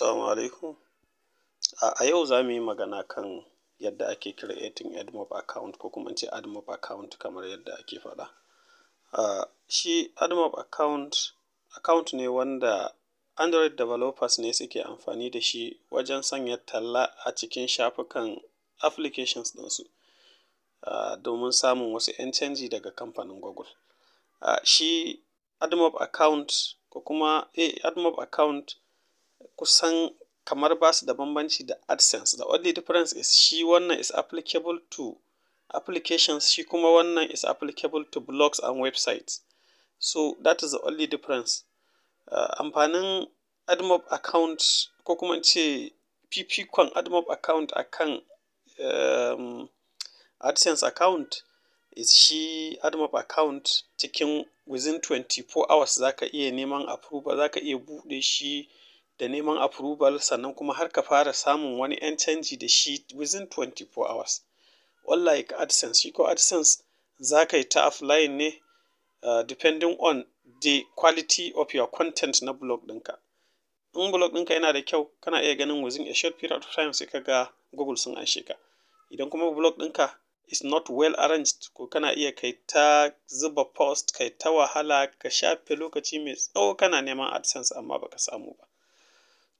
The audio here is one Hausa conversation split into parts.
Assalamu alaikum. A yau za mu yi magana kan yadda ake creating AdMob account ko kuma ce AdMob account kamar yadda ake faɗa. shi AdMob account, account ne wanda Android developers ne suke amfani da shi wajen sanya talla a cikin shafukan applications ɗinsu domin samun wasu ‘yan canji daga kamfanin Google. shi AdMob account ko kuma eh, AdMob account kusan kamar ba su da bambanci da AdSense. The only difference is shi wannan is applicable to applications shi kuma wannan is applicable to blogs and websites. So that is the only difference. Uh, amfanin AdMob account ko kuma ce fifikon AdMob account akan um, AdSense account is shi AdMob account cikin within 24 hours za ka iya neman approval ka iya buɗe shi da neman approval sannan kuma har ka fara samun wani 'yan canji da shi within 24 hours ka AdSense shi ko AdSense za ka yi ta offline ne uh, depending on the quality of your content na blog ɗinka in blog ɗinka yana da kyau kana iya ganin within a short period of time sai ka ga google sun anshe ka idan kuma blog ɗinka is not well arranged ko kana iya kai ta zuba post kai ta wahala ka shafe lokaci mai tsawo kana neman AdSense amma baka samu ba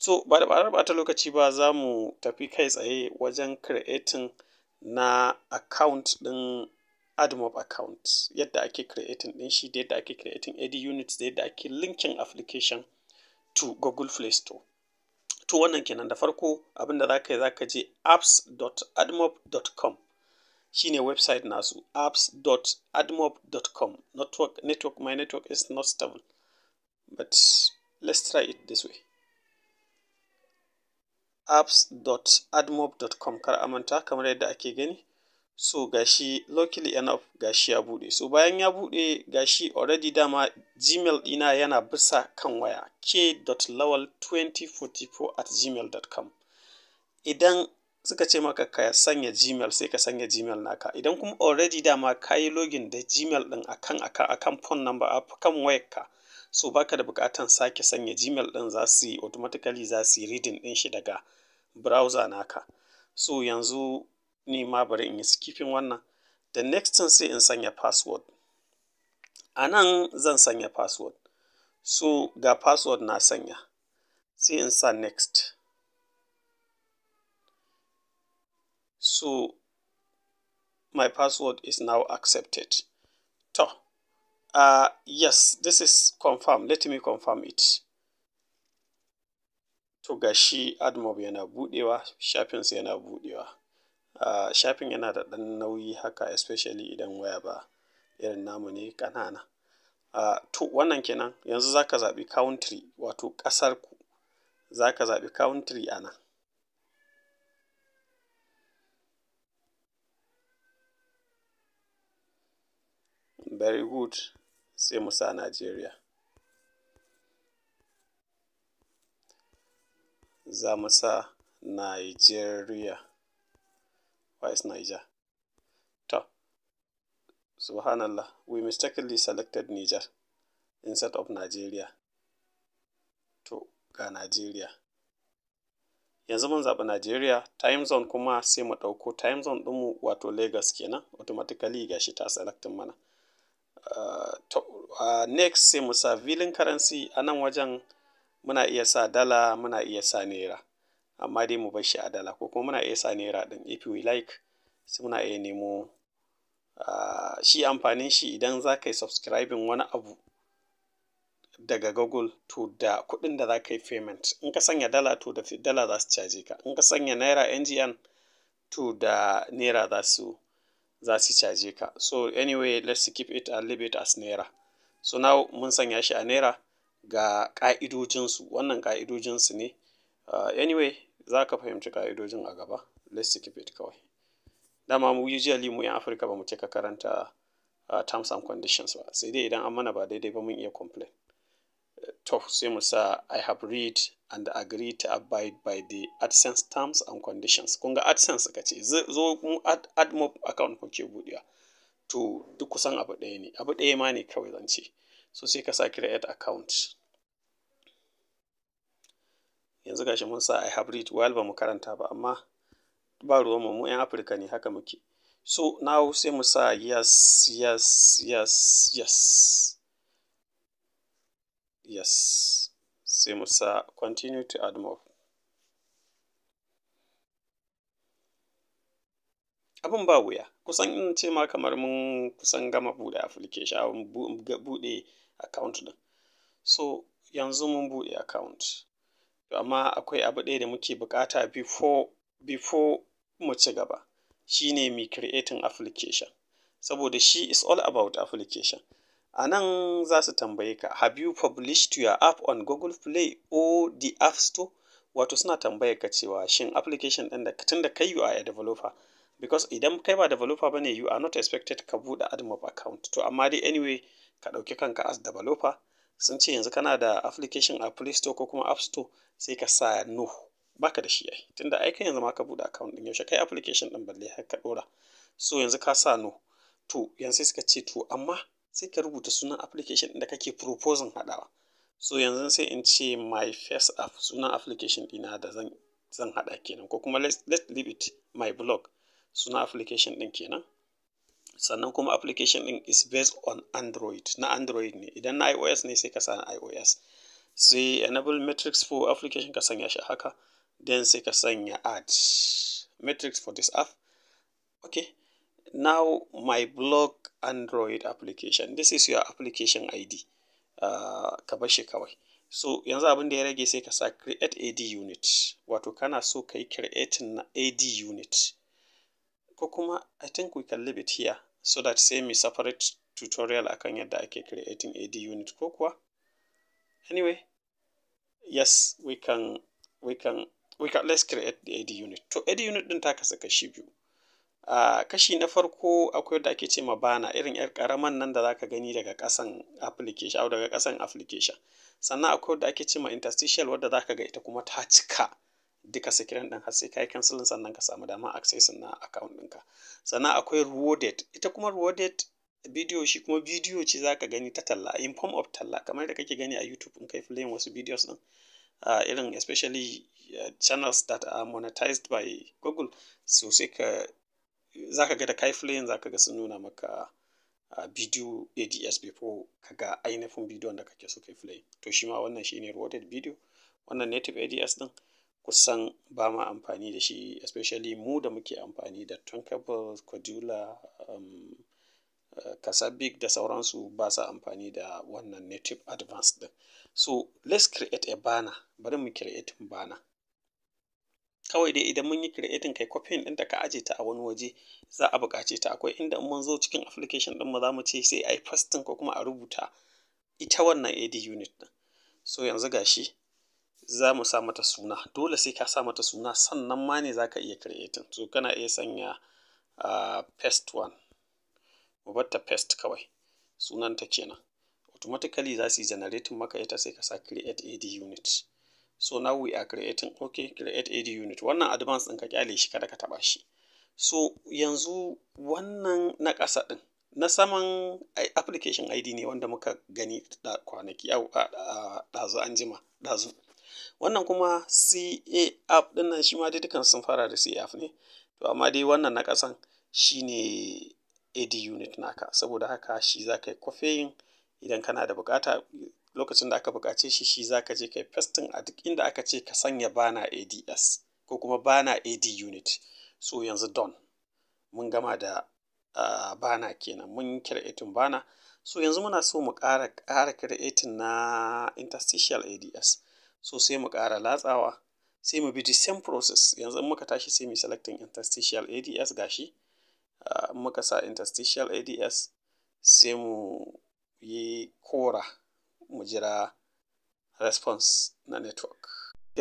So ba da ɓarar ɓata lokaci ba za mu tafi kai tsaye wajen creating na account ɗin AdMob account yadda ake creating ɗin shi da yadda ake creating AD units da yadda ake linking application to Google Play Store. To wannan kenan da farko abinda za ka yi za ka je apps.admob.com shi ne website nasu apps.admob.com network, network my network is not stable but let's try it this way. apps.admob.com kar a manta kamar yadda ake gani so gashi locally enough gashi ya bude so bayan ya bude gashi already dama gmail dina yana bisa kan waya k.lawal2044 at gmail.com idan suka ce maka ka sanya gmail sai ka sanya gmail naka idan kuma already dama ka yi login da gmail din akan akan akan phone number akan wayarka so baka da bukatan sake sanya gmail din za su yi automatically za su yi reading din shi daga browser naka so yanzu ni ma bari in yi skipping wannan the next thing sai in sanya password a nan zan sanya password so ga password na sanya sai in sa next so my password is now accepted to Uh, yes, this is confirmed. Let me confirm it. To gashi AdMob yana buɗewa, shafinsa yana budewa Uh, shafin yana da ɗan nauyi haka especially idan waya ba irin namu ne ƙanana. Uh, to wannan kenan yanzu za ka zaɓi country wato ƙasarku. Za ka zaɓi country a very good sai mu sa Najeriya. Za mu sa Nigeria. Why is Niger? To, subhanallah, we mistakenly selected Niger instead of Nigeria. To, ga Nigeria. yanzu mun zaɓi Najeriya time zone kuma sai mu ɗauko time zone ɗinmu wato Lagos kenan automatically gashi ta selectin mana. next sai mu sa vilin currency a nan wajen muna iya sa dala muna iya sa naira amma dai mu bar shi a dala ko kuma muna iya sa naira din if we like sai muna iya nemo shi amfanin shi idan za ka yi subscribing wani abu daga google to da kudin da za ka yi payment in ka sanya dala to da dala za su caje ka in ka sanya naira ngn to da naira za su za su caje ka so anyway let's keep it and leave it as naira so now mun sanya shi a naira ga ƙa'idojinsu wannan ƙa'idojinsu ne uh, anyway za ka fahimci ka'idojin a gaba let's keep it kawai dama mu usually mu yan afirka ba mu ce ka karanta uh, terms and conditions ba sai dai idan an mana ba daidai ba mun iya complain uh, to sai mu sa i have read and agree to abide by the AdSense terms and conditions. Kun ga AdSense suka ce, zo mu AdMob account ke buɗewa. To, duk kusan abu ɗaya ne, abu ɗaya ma ne kawai zan ce. So sai ka sa create account. Yanzu gashi mun sa I have read while ba mu karanta ba, amma ba ruwan mu 'yan Afirka ne haka muke. So now sai mu sa yes, yes, yes, yes. Yes. sai mu sa continue to add more abin ba wuya kusan in ce ma kamar mun kusan gama buɗe application buɗe account din so yanzu mun buɗe account amma akwai abu ɗaya da muke bukata before before mu ci gaba shine mi creating application saboda shi is all about application A nan za su tambaye ka, have you published your app on Google Play or the App Store? Wato suna tambayar ka cewa shin application ɗin da tun da kai you are a developer because idan kai ba developer ne you are not expected ka buɗe AdMob account to amma dai anyway ka ɗauki kanka as developer sun ce yanzu kana da application a Play Store ko kuma App Store sai ka sa no baka da shi ai tunda ai kai yanzu ma ka buɗe account ɗin yaushe kai application ɗin balle har ka ɗora so yanzu ka sa no to yanzu suka ce to amma sai ka rubuta sunan application ɗin da kake proposing haɗawa so yanzu sai in ce my first app sunan application ɗina da zan zan haɗa kenan ko kuma let's, leave it my blog sunan application ɗin kenan sannan kuma application ɗin is based on android na android ne idan na ios ne sai ka sa ios sai enable metrics for application ka sanya shi haka then sai ka sanya add metrics for this app okay now my block android application this is your application id uh, ah, ka bar shi kawai so yanzu abin da ya rage sai ka sa create ad unit wato kana so ka yi creating na ad unit ko kuma i think we can leave it here so that sai me separate tutorial akan yadda ake creating ad unit ko kuwa anyway yes we can we can we can let's create the ad unit to ad unit din ta kasa kashi biyu a kashi na farko akwai da ake ce ma bana irin yar karaman nan da zaka gani daga kasan application daga kasan application sannan akwai da ake ce ma interstitial wadda zaka ga ita kuma ta cika duka sikirin ɗin har sai kai cancelin sannan ka samu dama access na account ɗinka sannan akwai rewarded ita kuma rewarded bidiyo shi kuma bidiyo ce zaka gani ta talla in form of talla kamar da kake gani a YouTube in kai playing wasu videos din uh, irin especially uh, channels that are monetized by Google so sai ka za ka ga da kai za ka ga sun nuna maka ah, bidiyo ads before ka ga ainihin bidiyon da kake so kai to shi ma wannan ne rewarded bidiyo wannan native ads din kusan ba ma amfani da shi especially mu da muke amfani da tunkable cordula um, eh, Kasabik da sauransu ba sa amfani da wannan native advanced din. So let's create a banner. Bari mu create banner. kawai dai idan mun yi creating kai copying da ka aje ta a wani waje za a buƙace ta akwai inda in mun zo cikin application ɗin mu za mu ce sai a yi fasting ko kuma a rubuta ita wannan ad unit ɗin so yanzu gashi za mu sa mata suna dole sai ka sa mata suna sannan ma ne za ka iya creating so kana iya sanya uh, ah, pest one mu bar ta pest kawai sunanta kenan automatically za su yi generating maka ita sai ka sa create ad unit so now we are creating okay create ad unit wannan advance din ka kyale shi kada ka taba shi so yanzu wannan na ƙasa ɗin na saman application id ne wanda muka gani da kwanaki a ɗazu an jima ɗazu wannan kuma ca app din nan shi ma dai dukan sun fara da ca app ne to amma dai wannan na ƙasan shi ne ad unit naka saboda haka shi za ka yi kwafe idan kana da bukata lokacin da aka buƙace shi shi za ka je kai fastin a duk inda aka ce ka sanya bana ads ko kuma bana ad unit so yanzu don mun gama da ah, bana kenan mun creating bana so yanzu muna so mu ƙara ƙara creating na interstitial ads so sai mu ƙara latsawa sai mu bi the same process yanzu in muka tashi sai mu selecting interstitial ads gashi ah, muka sa interstitial ads sai mu yi kora mu jira response na network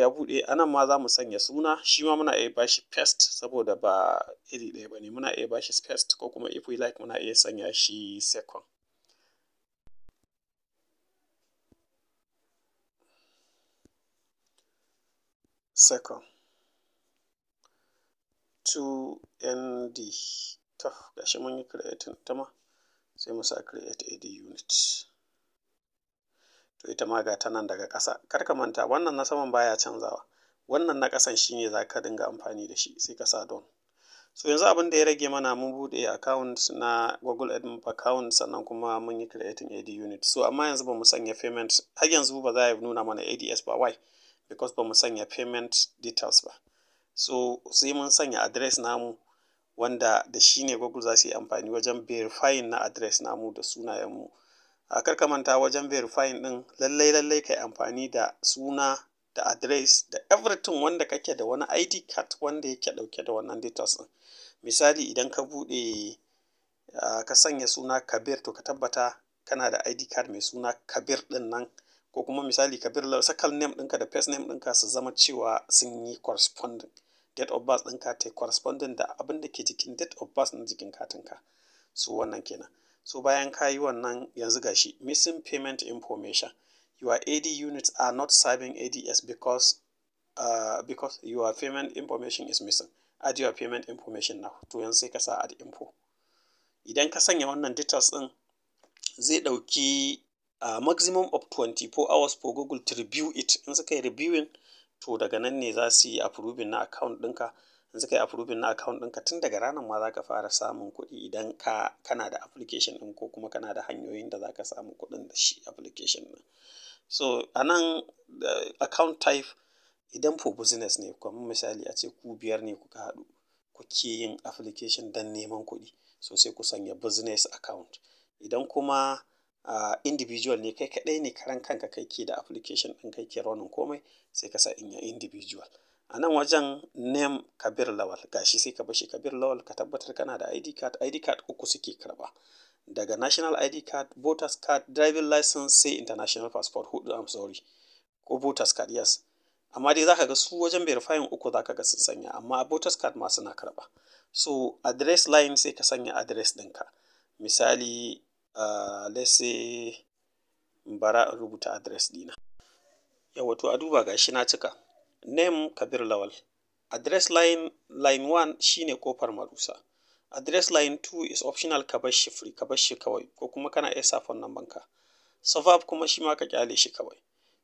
ya buɗe anan ma za mu sanya suna shi ma muna iya bashi paste saboda ba iri ɗaya ba ne muna iya bashi paste ko kuma if we like muna iya sanya shi second second to nd to gashi mun yi creating ta ma sai mu sa create ad unit to ita ma ga ta nan daga ƙasa kar ka manta wannan na saman baya canzawa wannan na ƙasan shine ne za ka dinga amfani da shi sai ka sa don so yanzu abin da ya rage mana mun buɗe account na google admin account sannan kuma mun yi creating ad unit so amma yanzu ba mu sanya payment har yanzu ba za a nuna mana ads ba why because ba mu sanya payment details ba so sai mun sanya address namu wanda da shi ne google za su yi amfani wajen verifying na address namu da sunayenmu a kar ka manta wajen verifying ɗin lallai lallai ka yi amfani da suna da address da everything wanda kake da wani id card wanda yake ɗauke da wannan details ɗin misali idan ka buɗe uh, ka sanya suna kabir to ka tabbata kana da id card mai suna kabir ɗin nan ko kuma misali kabir sakal name ɗinka da first name ɗinka su zama cewa sun yi corresponding date of birth ɗinka ta corresponding da abin da ke jikin date of birth na jikin katinka su wannan kenan So bayan ka yi wannan yanzu gashi missing payment information. Your AD units are not serving ADS because uh, because your payment information is missing. Add your payment information now. To yanzu sai ka sa add info. Idan ka sanya wannan details din zai ɗauki uh, maximum of 24 hours for Google to review it. In suka yi reviewing to daga nan ne za su yi approving na account dinka. yanzu kai yi approving na account ɗinka tun daga ranar ma za ka fara samun kuɗi idan ka kana da application ɗin ko kuma kana da hanyoyin da za ka samu kuɗin da shi application ɗin so a nan eh, account type idan for business ne kuma misali a ce ku biyar ne kuka haɗu kuke yin application don neman kuɗi so sai ku sanya business account idan kuma uh, individual ne kai kaɗai ne karan kanka kai ke da application ɗin kai ke ronin komai sai ka sa in ya individual a nan wajen name kabir lawal gashi sai ka bashi kabir lawal ka tabbatar kana da id card id card uku suke karba daga national id card voters card driving license sai international passport hudu am sorry ko voters card yes amma dai zaka ga su wajen verifying uku zaka ga sun sanya amma voters card ma suna karba so address line sai ka sanya address dinka misali uh, let's say bara rubuta address dina yawa to a duba gashi na cika Name Kabir Lawal. Address line line 1 shine kofar Marusa. Address line 2 is optional ka bar shi free, ka bar shi kawai ko kuma kana iya sa phone number ka. Suburb kuma shi ma ka kyale shi kawai.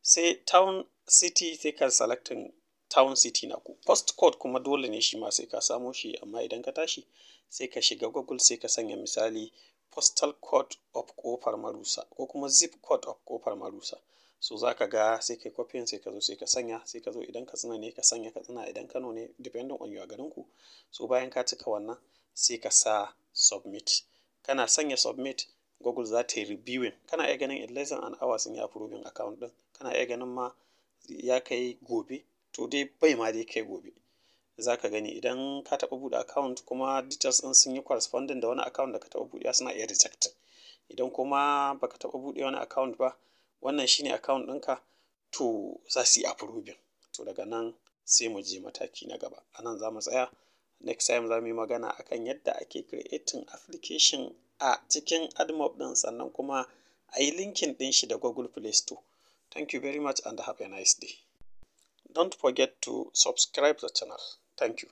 Sai town city sai ka selecting town city na ku. Post code kuma dole ne shi ma sai ka samo shi amma idan ka tashi sai ka shiga Google sai ka sanya misali postal code of kofar Marusa ko kuma zip code of kofar Marusa. so za ka ga sai kai kwafin sai ka zo sai ka sanya sai ka zo idan ka tsina ne ka sanya ka tsina idan kano ne depending on your garin ku so bayan ka cika wannan sai ka sa submit kana sanya submit google za ta yi reviewing kana iya ganin in less an hour sun yi approving account din kana iya ganin ma ya kai gobe to dai bai ma dai kai gobe za ka gani idan ka taɓa buɗe account kuma details din sun yi corresponding da wani account da ka taɓa buɗe suna iya rejected idan kuma baka taɓa buɗe wani account ba wannan shine account ɗinka to za su yi approving to daga nan sai mu je mataki na gaba a nan za mu tsaya next time za mu yi magana akan yadda ake creating application a cikin admob ɗin sannan kuma a yi linkin ɗin shi da google play store thank you very much and have a nice day don't forget to subscribe the channel thank you